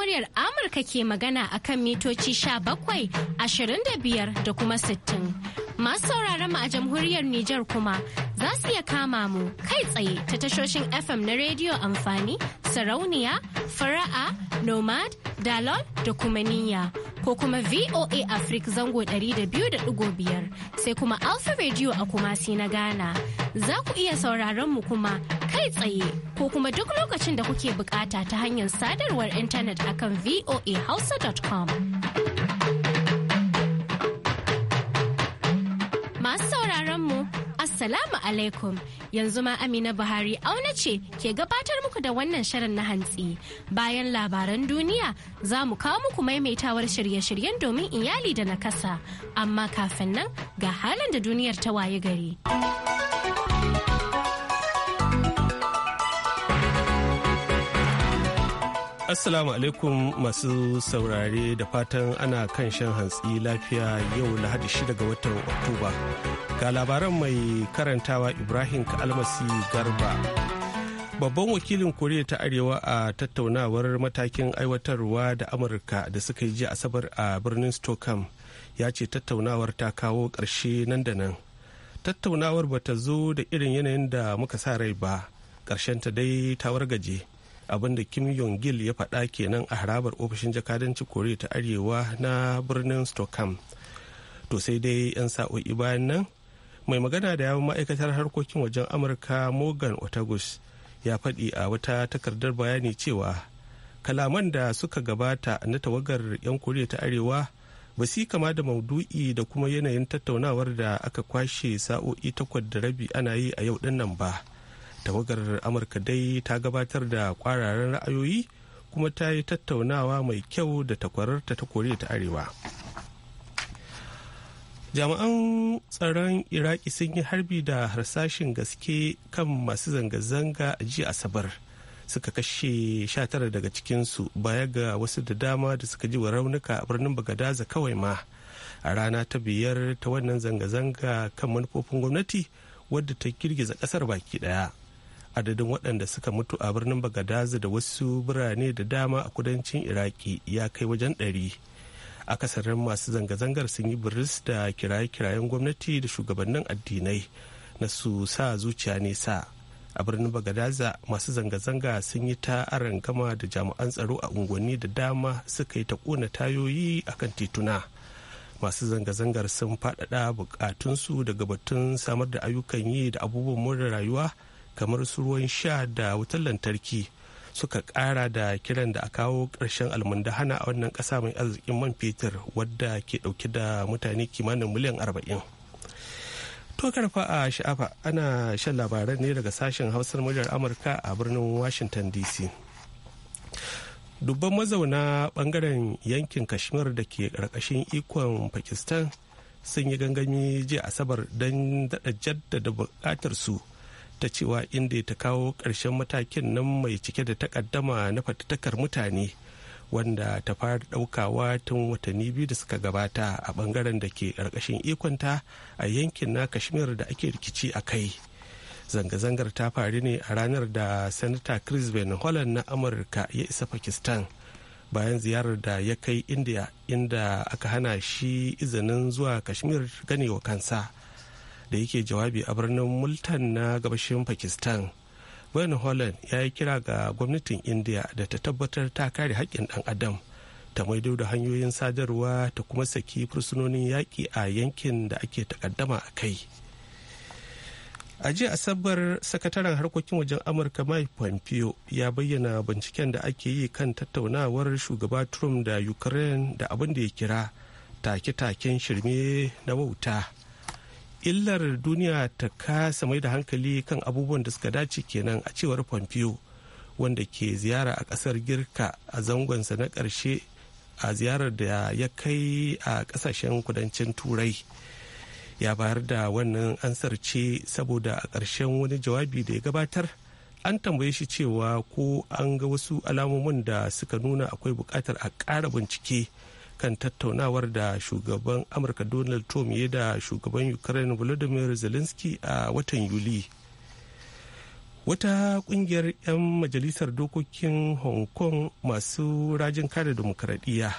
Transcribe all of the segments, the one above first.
muryar Amurka ke magana a kan mitoci bakwai ashirin da da kuma sittin. Masu sauraron mu a jamhuriyar Nijar kuma za su iya kama mu kai tsaye ta tashoshin FM na rediyo amfani, sarauniya, fara'a, nomad, dalol da kuma niyya. Ko kuma VOA Africa zango 200.5 sai kuma Alpha Radio a Kumasi na gana Za ku iya sauraron mu kuma kai tsaye ko kuma duk lokacin da kuke bukata ta hanyar sadarwar intanet akan voahausa.com. Masu sauraron mu Assalamu alaikum yanzu ma Amina Buhari auna ce ke gabatar muku da wannan shirin na hantsi. Bayan labaran duniya za mu kawo muku maimaitawar shirye-shiryen domin iyali da nakasa. Amma kafin nan ga halin da duniyar ta waye gari. Assalamu alaikum masu saurare da fatan ana kan shan hantsi lafiya yau lahadi shida ga watan Oktoba. Ga labaran mai karantawa Ibrahim Kalmasi Garba. Babban wakilin Koriya ta Arewa a tattaunawar matakin aiwatarwa da Amurka da suka yi jiya Asabar a birnin Stockholm ya ce tattaunawar ta kawo ƙarshe nan da nan. Tattaunawar bata zo da irin yanayin da muka sa rai ba, ƙarshenta dai ta wargaje. abinda kim jong gil ya faɗa kenan a harabar ofishin jakadancin koriya ta arewa na birnin stockholm to sai dai 'yan sa'o'i bayan nan mai magana da yawon ma'aikatar harkokin wajen amurka morgan otagus ya faɗi a wata takardar bayani cewa kalaman da suka gabata na tawagar 'yan koriya ta arewa ba su kama da maudu'i da kuma yanayin tattaunawar da aka kwashe sa'o'i takwas da rabi ana yi a yau dinnan ba tawagar amurka dai ta gabatar da kwararan ra'ayoyi kuma ta yi tattaunawa mai kyau da takwararta ta koriya ta arewa jami'an tsaron iraki sun yi harbi da harsashin gaske kan masu zanga-zanga a jiya asabar suka kashe 19 daga cikinsu baya ga wasu da dama da suka ji wa raunuka a birnin bagadaza kawai ma a rana ta biyar ta wannan zanga-zanga kan manufofin gwamnati wadda ta girgiza kasar baki daya adadin waɗanda suka mutu a birnin bagadazi da wasu birane da dama a kudancin iraki ya kai wajen ɗari akasarin masu zanga-zangar sun yi biris da kiraye-kirayen gwamnati da shugabannin addinai na su sa zuciya nesa a birnin bagadaza masu zanga-zanga sun yi ta gama da jami'an tsaro a unguwanni da dama suka yi ta kona tayoyi a kan tituna masu zanga-zangar sun faɗaɗa bukatunsu daga batun samar da ayyukan yi da abubuwan more rayuwa kamar su ruwan sha da wutar lantarki suka kara da kiran da a kawo ƙarshen almundahana a wannan ƙasa mai arzikin man fetur wadda ke ɗauki da mutane kimanin miliyan arba'in. To karfa a sha'afa ana shan labaran ne daga sashen hausar muryar Amurka a birnin Washington DC. Dubban mazauna bangaren yankin Kashmir da ke ƙarƙashin ikon Pakistan sun yi gangami jiya Asabar don daɗa jaddada buƙatar su ta cewa inda ta kawo ƙarshen matakin nan mai cike da takaddama na fatattakar mutane wanda ta fara ɗaukawa tun watanni biyu da suka gabata a ɓangaren da ke ƙarƙashin ikonta a yankin na kashmir da ake rikici a kai zanga-zangar ta faru ne a ranar da senator chris van holland na amurka ya isa pakistan bayan ziyarar da ya kai india inda aka hana shi izinin zuwa kashmir ganewa kansa da yake jawabi a birnin multan na gabashin pakistan Gwen Holland ya yi kira ga gwamnatin India da ta tabbatar ta kare haƙƙin ɗan adam ta maido da hanyoyin sadarwa ta kuma saki fursunonin yaƙi a yankin da ake takaddama a kai. A jiya Asabar sakataren harkokin wajen Amurka Mike Pompeo ya bayyana binciken da ake yi kan tattaunawar shugaba Trump da Ukraine da abin da ya kira take-taken shirme na wauta. illar duniya ta kasa mai da hankali kan abubuwan da suka dace kenan a cewar pompeo wanda ke ziyara a kasar girka a zangonsa na karshe a ziyarar da ya kai a kasashen kudancin turai ya bayar da wannan ansar ce saboda a ƙarshen wani jawabi da ya gabatar an tambaye shi cewa ko an ga wasu alamomin da suka nuna akwai buƙatar a ƙara bincike kan tattaunawar da shugaban amurka donald trump ya da shugaban ukraine volodymyr zelensky a watan yuli wata kungiyar 'yan majalisar dokokin hong kong masu rajin kare demokaradiyya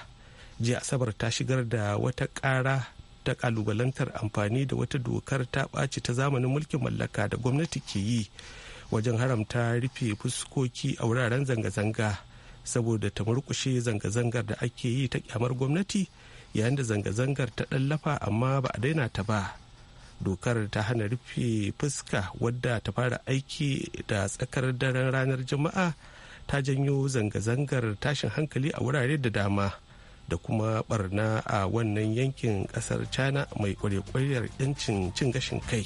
jiya asabar ta shigar da wata kara ta kalubalantar amfani da wata dokar ta ɓaci ta zamanin mulkin mallaka da gwamnati ke yi wajen haramta rufe fuskoki a wuraren zanga-zanga saboda ta murkushe zanga-zangar da ake yi ta kyamar gwamnati yayin da zanga-zangar ta ɗallafa amma ba a daina ta ba dokar ta hana rufe fuska wadda ta fara aiki da tsakar daren ranar jama'a ta janyo zanga-zangar tashin hankali a wurare da dama da kuma barna a wannan yankin ƙasar china mai kwarekwariyar 'yancin cin gashin kai.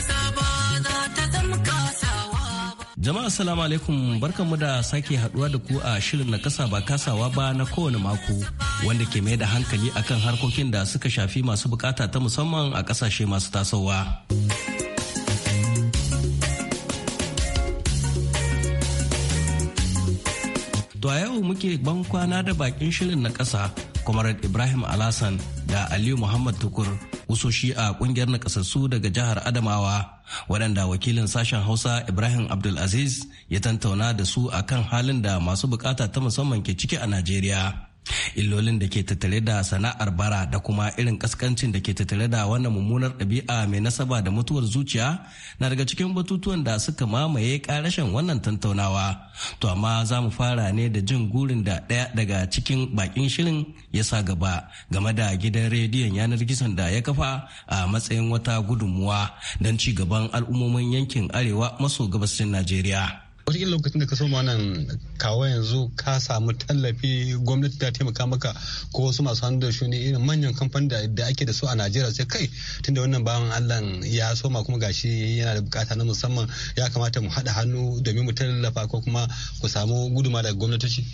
Jama'a salamu alaikum barkanmu da sake haduwa da ku a shirin na kasa ba kasawa ba na kowane mako wanda ke mai da hankali akan harkokin da suka shafi masu bukata ta musamman a kasashe masu tasowa. To a yau muke ban kwana da bakin shirin na ƙasa, Comrade Ibrahim Alasan da Aliyu Muhammad Tukur, usoshi a ƙungiyar na daga jihar Adamawa, waɗanda wakilin sashen Hausa Ibrahim Abdulaziz ya tantauna da su akan halin da masu bukata ta musamman ke ciki a Najeriya. illolin da ke tattare da sana'ar bara da kuma irin kaskancin da ke tattare da wannan mummunar ɗabi'a mai nasaba da mutuwar zuciya na daga cikin batutuwan da suka mamaye karashen wannan tantaunawa to amma za mu fara ne da jin gurin da ɗaya daga cikin bakin shirin ya sa gaba game da gidan rediyon yanar gizon da ya kafa a matsayin wata gudunmuwa don ci gaban al'ummomin yankin arewa maso gabashin najeriya wataƙila lokacin da ka so nan kawo yanzu ka samu tallafi gwamnati ta taimaka maka ko wasu masu hannu da shuni irin manyan kamfanin da ake da su a najeriya sai kai tunda wannan bawan allah ya soma kuma gashi yana da bukata na musamman ya kamata mu haɗa hannu domin mu tallafa ko kuma ku samu guduma daga gwamnatoci.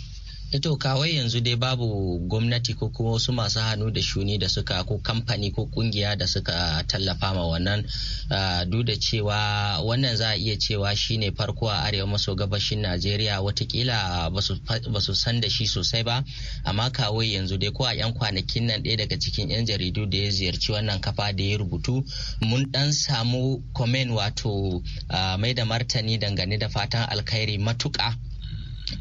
Eh, to kawai yanzu dai babu gwamnati ko kuma wasu masu hannu da shuni da suka ko kamfani ko kungiya da suka tallafa ma wannan ah, duk da cewa wannan za a iya cewa shine farko a arewa maso gabashin Najeriya watakila ba su san da shi sosai ba amma kawai yanzu dai ko a 'yan kwanakin nan ɗaya daga cikin 'yan jaridu da ya ziyarci wannan kafa da ya rubutu mun dan samu komen wato ah, mai da martani dangane da fatan alkhairi matuƙa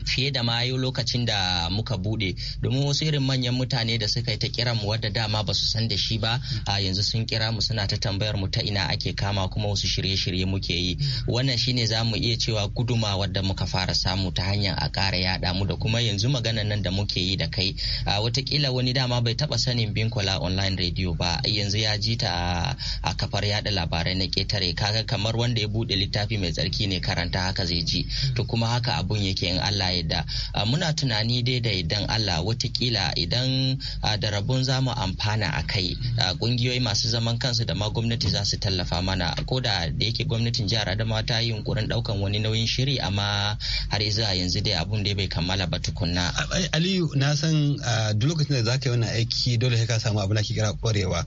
fiye da ma lokacin da muka bude domin wasu irin manyan mutane da suka yi ta kira mu wadda dama ba su san da shi ba a yanzu sun kira mu suna ta tambayar mu ta ina ake kama kuma wasu shirye-shirye muke yi wannan shine za mu iya cewa guduma wadda muka fara samu ta hanyar a ƙara yaɗa mu da kuma yanzu maganar nan da muke yi da kai a watakila wani dama bai taba sanin binkola online radio ba yanzu ya ji ta a kafar yada labarai na ketare kaga kamar wanda ya bude littafi mai tsarki ne karanta haka zai ji to kuma haka abun yake in Allah Allah ya da ah, muna tunani dai da idan Allah watakila idan ah, da rabon za mu amfana a kai kungiyoyi ah, masu zaman kansu da ma gwamnati za su tallafa mana ko da da yake gwamnatin jihar Adamawa ta yi yunkurin daukan wani nauyin shiri amma har zuwa yanzu dai abun dai bai kammala ba tukunna Aliyu na san duk lokacin da zaka yi wannan aiki dole sai ka samu abu da ke kira kwarewa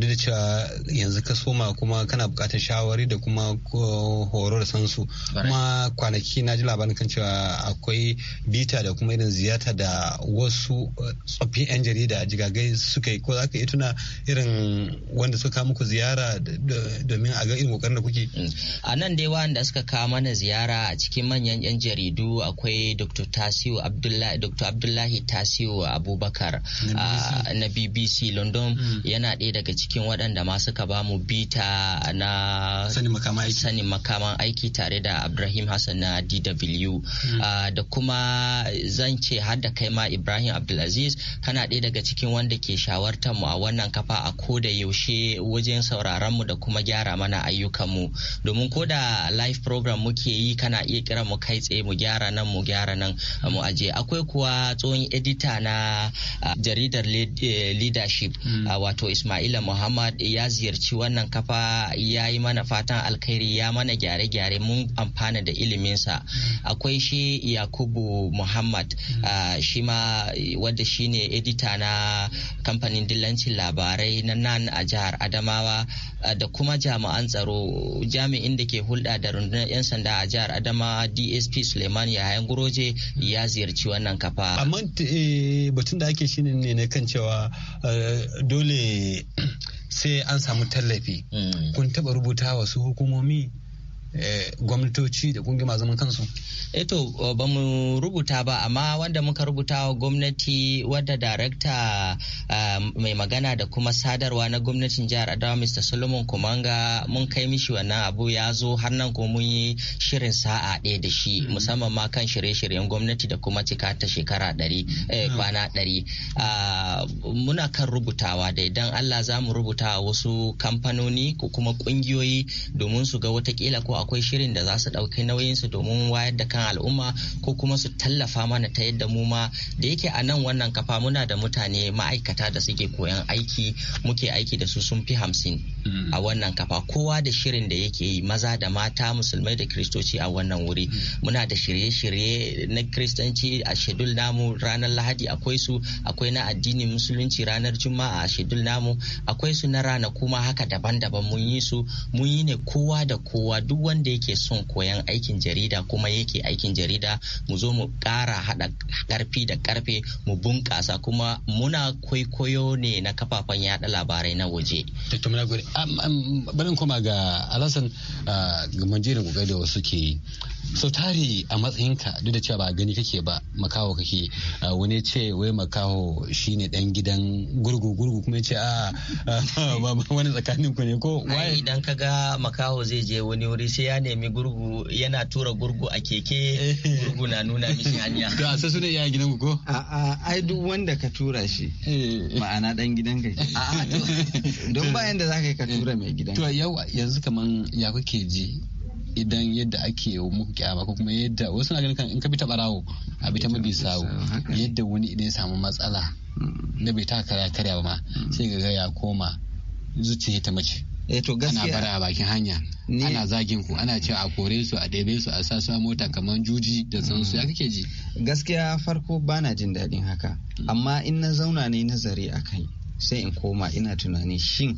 duk da cewa yanzu ka soma kuma kana bukatar shawari da kuma horo da sansu kuma kwanaki na ji labarin kan cewa akwai bita da kuma irin ziyarta da wasu eh, tsoffin 'yan jarida jigagai suka yi ko za ka yi tuna irin wanda suka muku ziyara domin a ga irin kokarin da kuke mm. a nan dai wanda suka kawo mana ziyara a cikin manyan 'yan jaridu akwai dr tasiu abdullahi dr abdullahi tasiu abubakar na ah, bbc london mm. yana ɗaya daga cikin waɗanda ma suka ba mu bita na sanin makaman aiki tare da abdulrahim hassan na dw mm. Mm. Ah, da kuma zan ce har da kai ma Ibrahim Abdulaziz kana ɗaya daga cikin wanda ke shawartar mu a wannan kafa a ko da yaushe wajen sauraron mu da kuma gyara mana ayyukan mu domin ko da live program muke yi kana iya kira mu kai tsaye mu gyara nan mu gyara nan mu aje akwai kuwa tsohon edita na ah, jaridar eh, leadership mm. ah, wato Ismaila Muhammad ya ziyarci wannan kafa ya yi mana fatan alkhairi ya mana gyare-gyare mun amfana da iliminsa mm. akwai shi yakubu muhammad uh, shi ma wadda shi ne edita na kamfanin dillancin labarai na nan a jihar adamawa ah, da kuma jami'an tsaro jami'in da ke hulɗa da rundunar 'yan sanda a jihar adamawa dsp suleiman yayan guroje ya ziyarci wannan kafa amma eh, batun da ake shine ne na kan cewa eh, dole sai an samu tallafi mm. kun taɓa rubuta wasu hukumomi Eh, gwamnatoci da kungiyar masu zaman kansu eto eh eh, ba mu rubuta ba amma wanda muka rubuta wa gwamnati wadda darakta mai magana da kuma sadarwa na gwamnatin jihar Adawa Mr Solomon Kumanga mun kai mishi wannan abu ya zo har nan ko mun yi shirin sa'a ɗaya da shi mm-hmm. musamman ma kan shirye-shiryen gwamnati da kuma cika ta shekara ɗari mm-hmm. kwana ɗari ah, muna kan rubutawa da idan Allah za mu rubuta wasu kamfanoni ko kuma ƙungiyoyi domin su ga watakila ko a akwai shirin da za su ɗauki nauyinsu domin wayar da kan al'umma ko kuma su tallafa mana ta yadda mu ma da yake a nan wannan kafa muna da mutane ma'aikata da suke koyan aiki muke aiki da su sun fi hamsin Mm. a wannan kafa kowa da shirin da yake yi maza da mata musulmai da kristoci a wannan wuri mm. muna da shirye-shirye na kristanci a shedul namu ranar lahadi akwai su akwai na addinin musulunci ranar juma'a a shedul namu akwai su na rana kuma haka daban-daban mun yi su mun yi ne kowa da kowa duk wanda yake son koyan aikin jarida kuma yake aikin jarida mu zo mu kara hada karfi da karfe mu bunƙasa kuma muna kwaikwayo ne na kafafen yaɗa labarai na waje. barin koma ga alasan ah, gaban jerin kokari da wasu ke yi sau tari a matsayinka duk da cewa ba gani kake ba makaho kake ah, wani ce wai makaho shine dan gidan gurgu gurgu kuma ce ah, a wani tsakanin ku ne ko wai idan ka ga makaho zai je wani wuri sai ya nemi gurgu yana tura gurgu a keke eh. gurgu na nuna mishi hanya to sai su ne gidan ku ko a ai duk wanda ka tura shi eh. ma'ana dan gidan ka a a don bayan da zaka ka ka mai gidan to yau yanzu kaman ya kuke ji idan yadda ake muku kyama ko kuma yadda wasu na ganin in ka bi ta barawo a bi ta mabi sawo yadda wani idan ya samu matsala mm. na bai ta karya karya ba ma mm. sai ga ya koma zuciya ta mace eh to gaskiya ana bara a bakin hanya ana zagin ku ana cewa a kore su a ɗebe su a sa su a mota kamar juji da sansu ya mm. kake ji gaskiya farko bana jin daɗin haka amma in na zauna ne nazari akai sai in koma ina tunani shin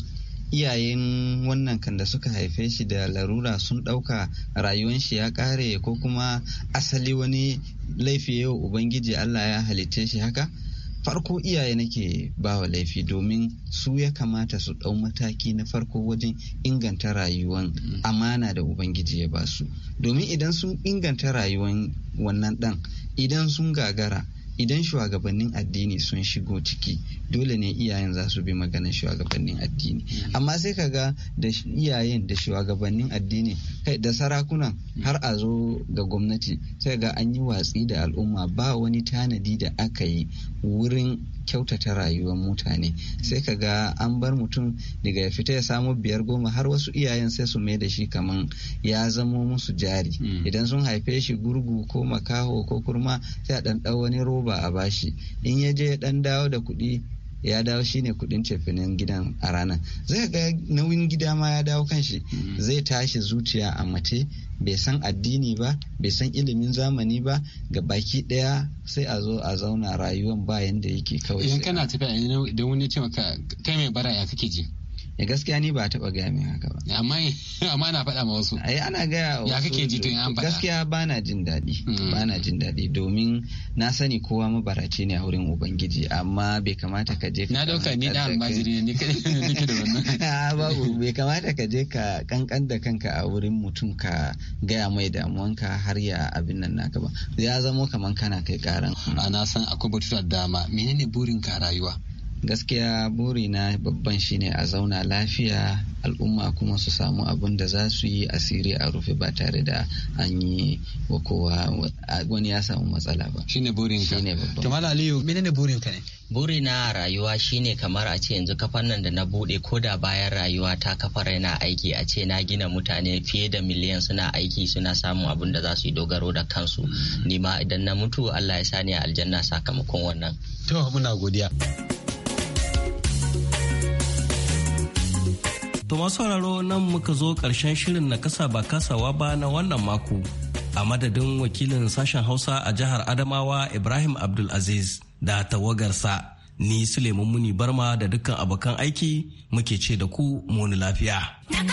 iyayen wannan kan da suka haife shi da larura sun ɗauka rayuwan shi ya kare ko kuma asali wani laifi yau ubangiji allah ya halitte shi haka farko iyaye nake ba wa laifi domin su ya kamata su ɗau mataki na farko wajen inganta rayuwan mm. amana da ubangiji ya basu domin idan sun inganta rayuwan wannan ɗan idan sun gagara idan shugabannin addini sun shigo ciki dole ne iyayen za su bi maganar shugabannin addini mm. amma sai ka ga da iyayen da shugabannin addini kai da sarakunan mm. har a zo ga gwamnati sai ga an yi watsi da al'umma ba wani tanadi da aka yi wurin kyautata rayuwar mutane sai ka ga an bar mutum daga ya fita ya samu biyar goma har wasu iyayen sai su mai da shi kaman ya zamo musu jari hmm. idan sun haife shi gurgu ko makaho ko kurma sai a ɗanɗa wani roba a bashi in ya je ya ɗan dawo da kuɗi ya dawo shi ne kudin cefinin gidan a ranar zai ga nauyin gida ma ya dawo kanshi mm. zai tashi zuciya a mace bai san addini ba bai san ilimin zamani ba ga baki daya sai a zo a zauna rayuwan ba da yake kawai idan kana tafiya idan wani ce maka kai mai bara ya kake ji ya eh, gaskiya ni ba taɓa gaya min haka ba amma amma na faɗa ma wasu ai eh, ana gaya wasu ya kake ji tun an faɗa gaskiya ba na jin daɗi hmm. na jin daɗi domin na sani kowa mabarace ne a wurin ubangiji amma bai kamata ka je na dauka ni da almajiri ne ni ke da wannan ah, babu bai kamata ka je ka kankan da kanka a wurin mutum ka gaya mai damuwanka har ya abin nan naka ba ya zamo kaman kana kai karan a ah, na san akwai batuta dama menene burinka ka rayuwa gaskiya buri na babban shine a zauna lafiya al'umma kuma su samu abin da za su yi asiri a rufe ba tare da an yi wa kowa wani ya samu matsala ba shine burin ka shine babban kamal aliyu menene burin ka ne buri na rayuwa shine kamar a ce yanzu kafar nan da na bude ko da bayan rayuwa ta kafar yana aiki a ce na gina mutane fiye da miliyan suna aiki suna samun abin da za su yi dogaro da kansu mm. nima idan na mutu Allah ya sani aljanna sakamakon wannan to muna godiya To masu sauraro nan muka zo ƙarshen shirin na kasa ba kasawa ba na wannan mako. A madadin wakilin sashen Hausa a jihar Adamawa Ibrahim Abdulaziz da tawagarsa ni Suleiman Muni Barma da dukkan abokan aiki muke ce da ku muni lafiya. Na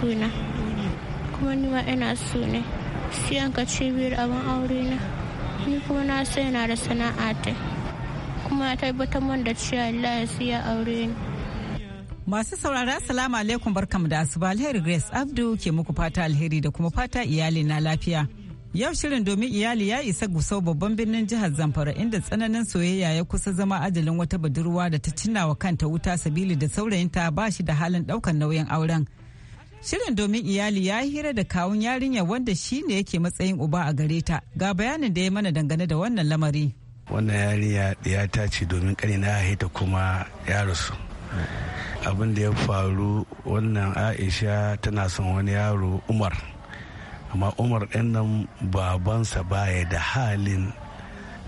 suna kuma nima ina so ne siyan ka cibiyar abin aure na ni kuma na sai yana da sana'a ta kuma ya tabbatar man da cewa Allah ya aure ni Masu saurara salamu alaikum barkamu da asuba alheri Grace Abdu ke muku fata alheri da kuma fata iyali na lafiya. Yau shirin domin iyali ya isa gusau babban birnin jihar Zamfara inda tsananin soyayya ya kusa zama ajalin wata budurwa da ta cinna wa kanta wuta sabili da saurayinta ba shi da halin daukan nauyin auren. Shirin domin iyali ya hira da kawun yarinya wanda shi ne yake matsayin uba a gare ta. Ga bayanin da ya mana dangane da wannan lamari. Wannan yarinya ya ta ce domin kare na haita kuma ya rasu. Abin da ya faru wannan Aisha tana son wani yaro Umar. Amma Umar ɗin nan babansa baya da halin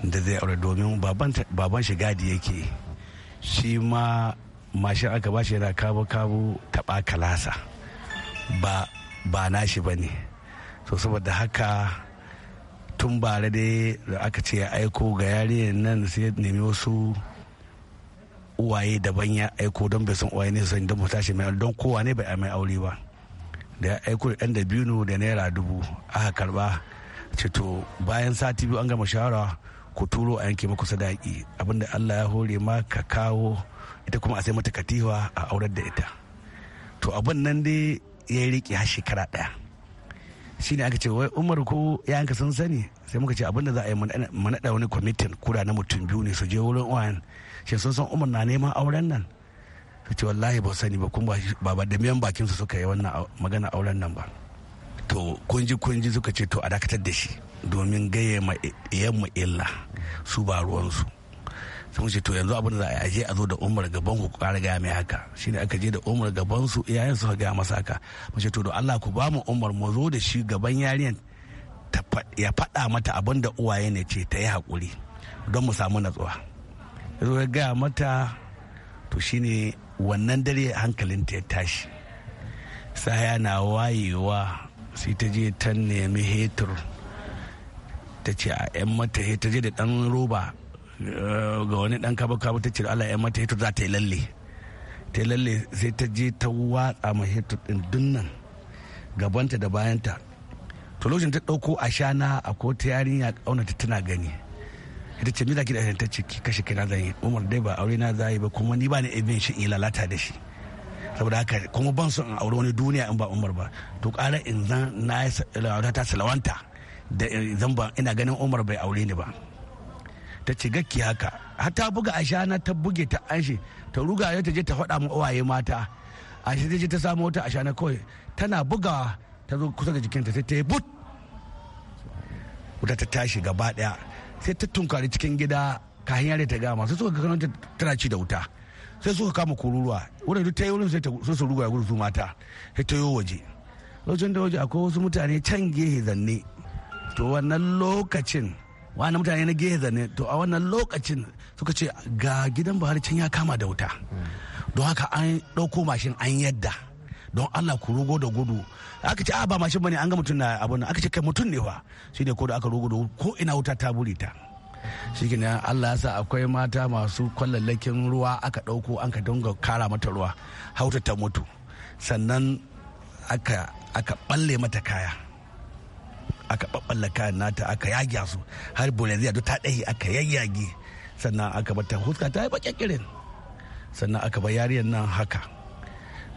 da zai aure domin baban shi gadi yake. Shi ma mashin aka ba shi yana kabo-kabo taɓa kalasa. ba ba nashi ba ne to saboda haka tun bara dai da aka ce ya aiko ga yarinyar nan sai nemi wasu uwaye daban ya aiko don bai san uwaye ne sai don tashi mai don kowa ne bai a mai aure ba da ya aiko da ɗan da biyu da naira dubu aka karba ce to bayan sati biyu an gama shawara ku turo a yanke maku sadaki abinda allah ya hore ma ka kawo ita kuma a sai mata katiwa a aurar da ita to abin nan dai ya riƙe har shekara ɗaya shi ne aka ce wai umar ko yanka sun sani sai muka ce da za a yi manaɗa wani kwamitin kura na mutum biyu ne su je wurin wayan shi sun san umar na neman auren nan su ce wallahi ba sani ba kun ba da miyan bakin su suka yi wannan magana auren nan ba to kunji kunji suka ce to a dakatar da shi domin gaya ma illa su ba ruwansu sun ce to yanzu abin da za a je a zo da umar gaban ku ƙara gaya mai haka shine aka je da umar gaban su iyayen su gaya masa haka mace to da Allah ku ba mu umar mu zo da shi gaban yarinyar ya faɗa mata abin da uwaye ne ce ta yi haƙuri don mu samu natsuwa yanzu ya gaya mata to shine wannan dare hankalin ta ya tashi saya na wayewa sai ta je ta nemi hetur ta ce a 'yan mata ta je da ɗan roba Eh, ga wani dan kaba kaba ta ce Allah ya mata hito za ta yi lalle ta yi lalle sai ta je ta watsa ma hito din dunnan gabanta da bayanta to lokacin ta dauko a shana a ko ta yarinya kauna ta tana gani ita ce miza kida ta ce ki kashe kina zan yi Umar dai ba aure na zai ba kuma ni ba ni ibin shi in lalata da shi saboda haka kuma ban son aure wani duniya in ba Umar ba to kara in zan na ta salawanta da zan ba ina ganin Umar bai aure ni ba ta ci gakki haka har ta buga ashana ta buge ta anshe ta ruga ta je ta faɗa mu uwaye mata a shi je ta samu wata ashana kawai tana bugawa ta zo kusa da jikinta sai ta yi but wuta ta tashi gaba daya sai ta tunkari cikin gida kafin yare ta gama sai suka kano tana ci da wuta sai suka kama kururuwa wurin ta yi wurin sai su ruga ya gudu su mata sai ta yi waje lokacin da waje akwai wasu mutane can gehe zanne to wannan lokacin wani mutane na geza ne to a wannan lokacin suka ce ga gidan buhari can ya kama da wuta don haka an ɗauko mashin an yadda don allah ku rugo da gudu aka ce a ah, ba mashin bane an ga mutum na abun aka ce kai mutum ne fa shi ne ko da aka rugo da ko ina wuta ta buri ta shi allah sa akwai mata masu kwallallakin ruwa aka ɗauko an ka dinga kara mata ruwa hauta ta mutu sannan aka aka balle mata kaya aka ɓaɓɓalla kayan nata aka yage su har bolivia duk ta ɗaya aka yayyage sannan aka ta huska ta yi baƙaƙirin sannan aka bar yariyar nan haka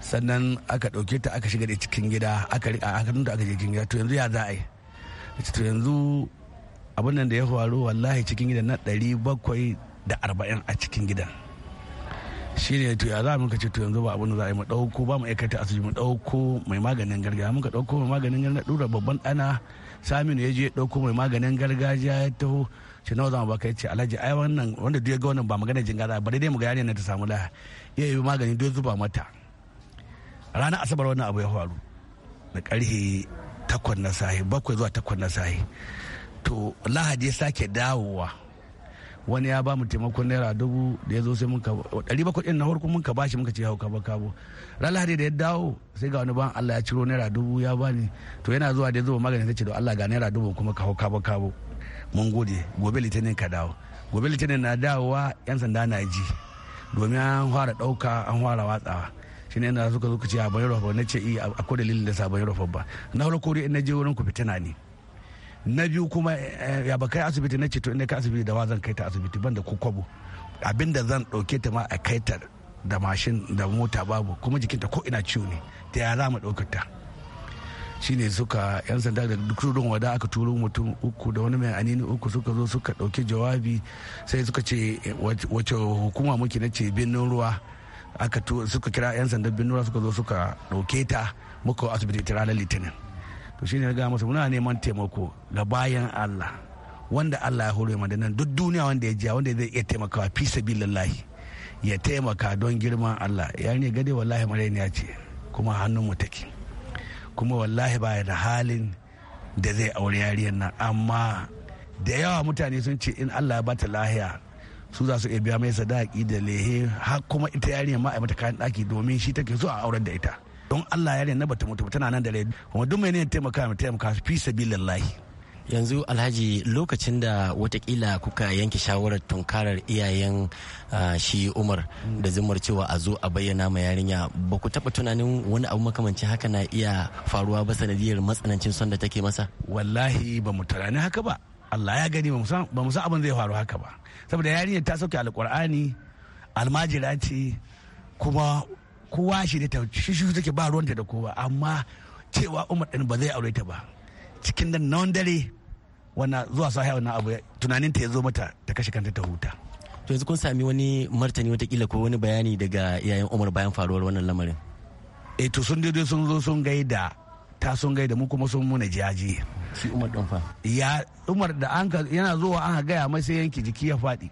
sannan aka ɗauke ta aka shiga da cikin gida aka riƙa aka nuna aka je cikin gida to yanzu ya za a yi to yanzu abin nan da ya faru wallahi cikin gidan na ɗari bakwai da arba'in a cikin gidan shi ne to ya za muka kace to yanzu ba abin da za a yi mu ɗauko ba mu aikata asibiti mu ɗauko mai maganin gargajiya muka ɗauko mai maganin gargajiya ɗura babban ɗana saminu ya je ɗauko mai maganin gargajiya ya taho shi nawa zama baka ce alhaji ai wannan wanda duk ya ga wannan ba magana jingaza ba dai magana ne na ta samu laha ya yi magani duk zuba mata ranar asabar wannan abu ya faru da karhe takwas na sahi bakwai zuwa takwas na sahi to lahadi ya sake dawowa wani ya ba mu taimakon naira dubu da ya zo sai muka ɗari bakwai ɗin na farko muka ka muka ce hau kaba kabo ran lahadi da ya dawo sai ga wani ban Allah ya ciro naira dubu ya bani to yana zuwa da ya zuba magani sai ce da Allah ga naira dubu kuma ka hau kabo kabo mun gode gobe litinin ka dawo gobe litinin na dawowa yan sanda na ji domin an fara ɗauka an fara watsawa shi ne suka zo ku ce a bayan rufa na ce eh, a ko dalilin da sa bayan rufa ba na farko dai na je wurin ku fitina ne na biyu kuma eh, ya ba kai asibiti na ceto inda ka asibiti da wa zan kai ta asibiti ban da ku kwabo abinda zan dauke ta ma a kai ta da mashin da mota babu kuma jikinta ko ina ciwo ne ta ya za mu ɗaukar ta shine suka yan sanda da dukkan wada aka turo mutum uku da wani mai anini uku suka zo suka dauke jawabi sai suka ce wace hukuma muke na ce binnin ruwa aka suka kira yan sanda binnin ruwa suka zo suka ɗauke ta muka asibiti ta ranar litinin to shine ga masa muna neman taimako ga bayan Allah wanda Allah ya hore mana nan duk duniya wanda ya jiya wanda zai iya taimakawa fi sabilillahi ya taimaka don girman Allah ne gade wallahi ya ce kuma hannun mu take kuma wallahi ba da halin da zai aure yariyar nan amma da yawa mutane sun ce in Allah ya bata lahiya su za su iya biya mai sadaki da lehe har kuma ita yarinya ma a mata kayan daki domin shi take so a auren da ita don Allah ya na bata mutu tana nan da rai kuma duk mai ne taimaka mu taimaka fi sabilillahi yanzu alhaji lokacin da watakila kuka yanke shawarar tunkarar iyayen shi umar da zumar cewa a zo a bayyana ma yarinya ba ku taɓa tunanin wani abu makamancin haka na iya faruwa ba sanadiyar matsanancin son da take masa wallahi ba mu tunani haka ba allah ya gani ba mu san abin zai faru haka ba saboda yarinya ta sauke alkur'ani almajira ce kuma kowa shi da ta shishu take ba ruwanta da kowa amma cewa umar din ba zai aure ta ba cikin da nan dare wana zuwa sa na abu tunanin ta ya zo mata ta kashe kanta ta huta to yanzu kun sami wani martani watakila ko wani bayani daga iyayen umar bayan faruwar wannan lamarin eh to sun daidai sun zo sun gaida ta sun gaida mu kuma sun muna jaji shi umar din fa ya umar da an ka yana zuwa an gaya mai sai yanki jiki ya faɗi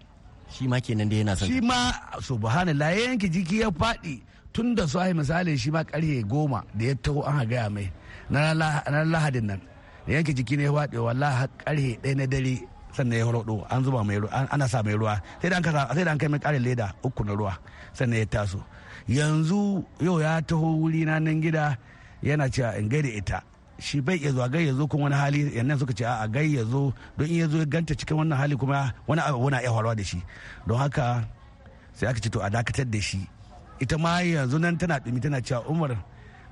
shi ma kenan da yana son shi ma subhanallah yanki jiki ya faɗi tun da su ai misali shi ma karye goma da ya taho an gaya mai na lahadin nan da yanke jiki ne ya waɗe wallahi karye ɗaya na dare sannan ya hurɗo an zuba mai ruwa ana sa mai ruwa sai da an kai mai karin leda uku na ruwa sannan ya taso yanzu yau ya taho wuri na nan gida yana cewa in gaida ita shi bai iya zuwa gai yazo kuma wani hali yannan suka ce a gai yazo don in ya ganta cikin wannan hali kuma wani abu na iya faruwa da shi don haka sai aka ce to a dakatar da shi ita ma yanzu nan tana ɗumi tana cewa umar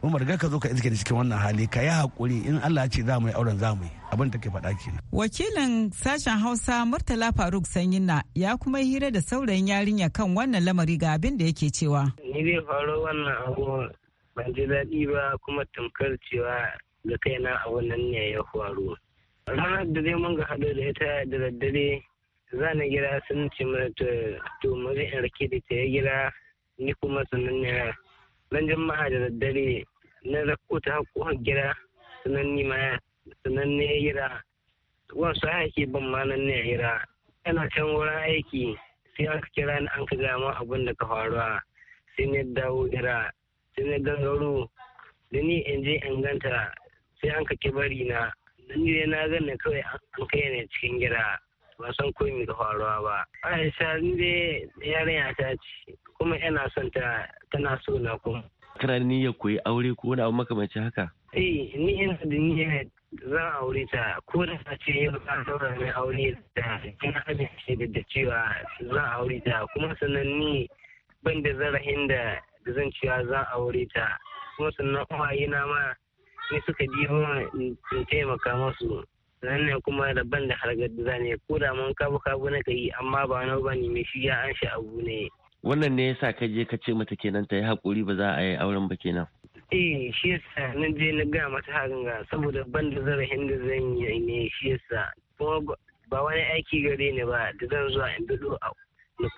umar ga ka zo ka iske da cikin wannan hali ka yi hakuri in Allah ce za mu yi auren za mu yi abin da ke faɗa kenan. wakilin sashen hausa murtala faruk sanyina ya kuma yi hira da saurayin yarinya kan wannan lamari ga abin da yake cewa. ni zai faru wannan abu ban ji daɗi ba kuma tamkar cewa da kaina abu nan ne ya faru. ranar da zai mun ga haɗu da ita da daddare za na gira sun ce mana to mu zai in rake da ta ya gira ni kuma sannan ne ran jama'a da daddare na rako ta gida sannan ni ma sannan ne hira wasu aiki ban ma nan ne yira yana can wurin aiki sai an kira ni an ka gama abin da ka faruwa sai ne dawo gida sai ne gangaro da ni in je in ganta sai an ka bari na ni ne na gane kawai an kai ne cikin gida ba san ko me ka faruwa ba aisha ni yarinya ta ce kuma yana son ta tana so na kuma kana da niyyar koyi aure ko wani abu makamanci haka eh ni ina da niyyar zan aure ta ko da ta ce yau za ta mai aure da kina amince da cewa zan aure ta kuma sannan ni ban da zarafin da zan cewa zan aure ta kuma sannan uwaye na ma ni suka biyo in taimaka masu nan ne kuma daban da da ne ko da mun kabu kabu na yi amma ba na ba ne mai shiga an shi abu ne. wannan ne yasa ka je ka ce mata kenan ta yi haƙuri ba za a yi auren ba kenan. eh shi yasa na je na gaya mata harin ga saboda ban da zarafin da zan yi ne shi yasa kuma ba wani aiki gare ni ba da zan zuwa in bido a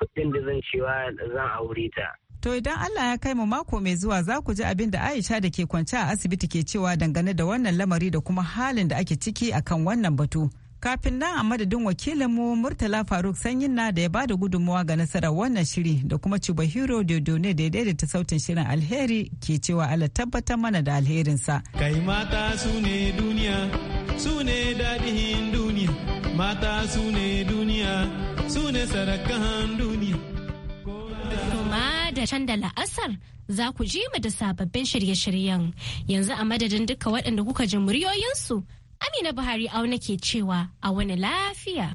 kuɗin da zan cewa zan aure ta. To idan Allah ya kai mu mako mai zuwa za ku ji abin da Aisha da ke kwance a asibiti ke cewa dangane da wannan lamari da kuma halin da ake ciki akan wannan batu. Kafin nan a madadin wakilinmu Murtala Faruk Sanyin na da ya bada gudunmawa ga nasarar wannan shiri da kuma Chubahiro Dodone da ya daidaita sautin shirin alheri ke cewa Allah tabbatar mana da alherinsa. Kai mata su ne duniya, su ne dadihin duniya, mata su ne duniya, su ne sarakan duniya. da can da la'asar za ku ji mu da sababbin shirye-shiryen yanzu a madadin duka waɗanda kuka ji muryoyinsu amina buhari auna ke cewa a wani lafiya.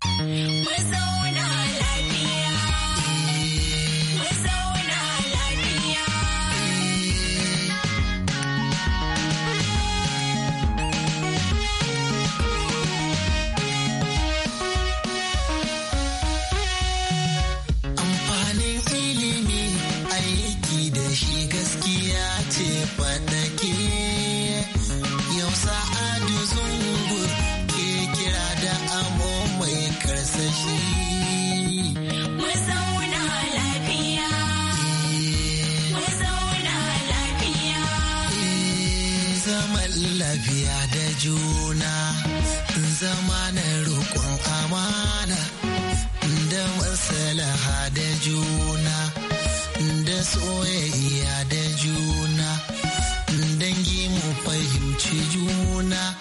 lafiya da juna zama na roƙon amana da masalaha da juna da soyayya da juna dangi mu fahimci juna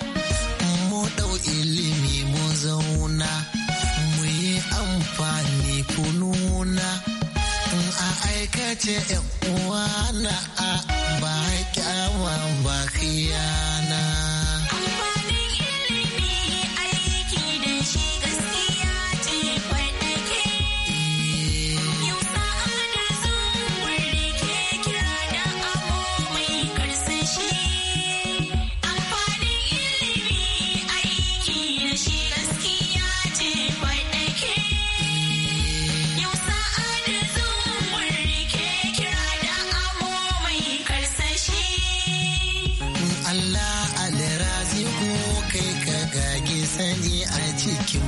mu ɗau ilimi mu zauna mu yi amfani kununa. a aikace uwa na a ba kyawan ba ne a ce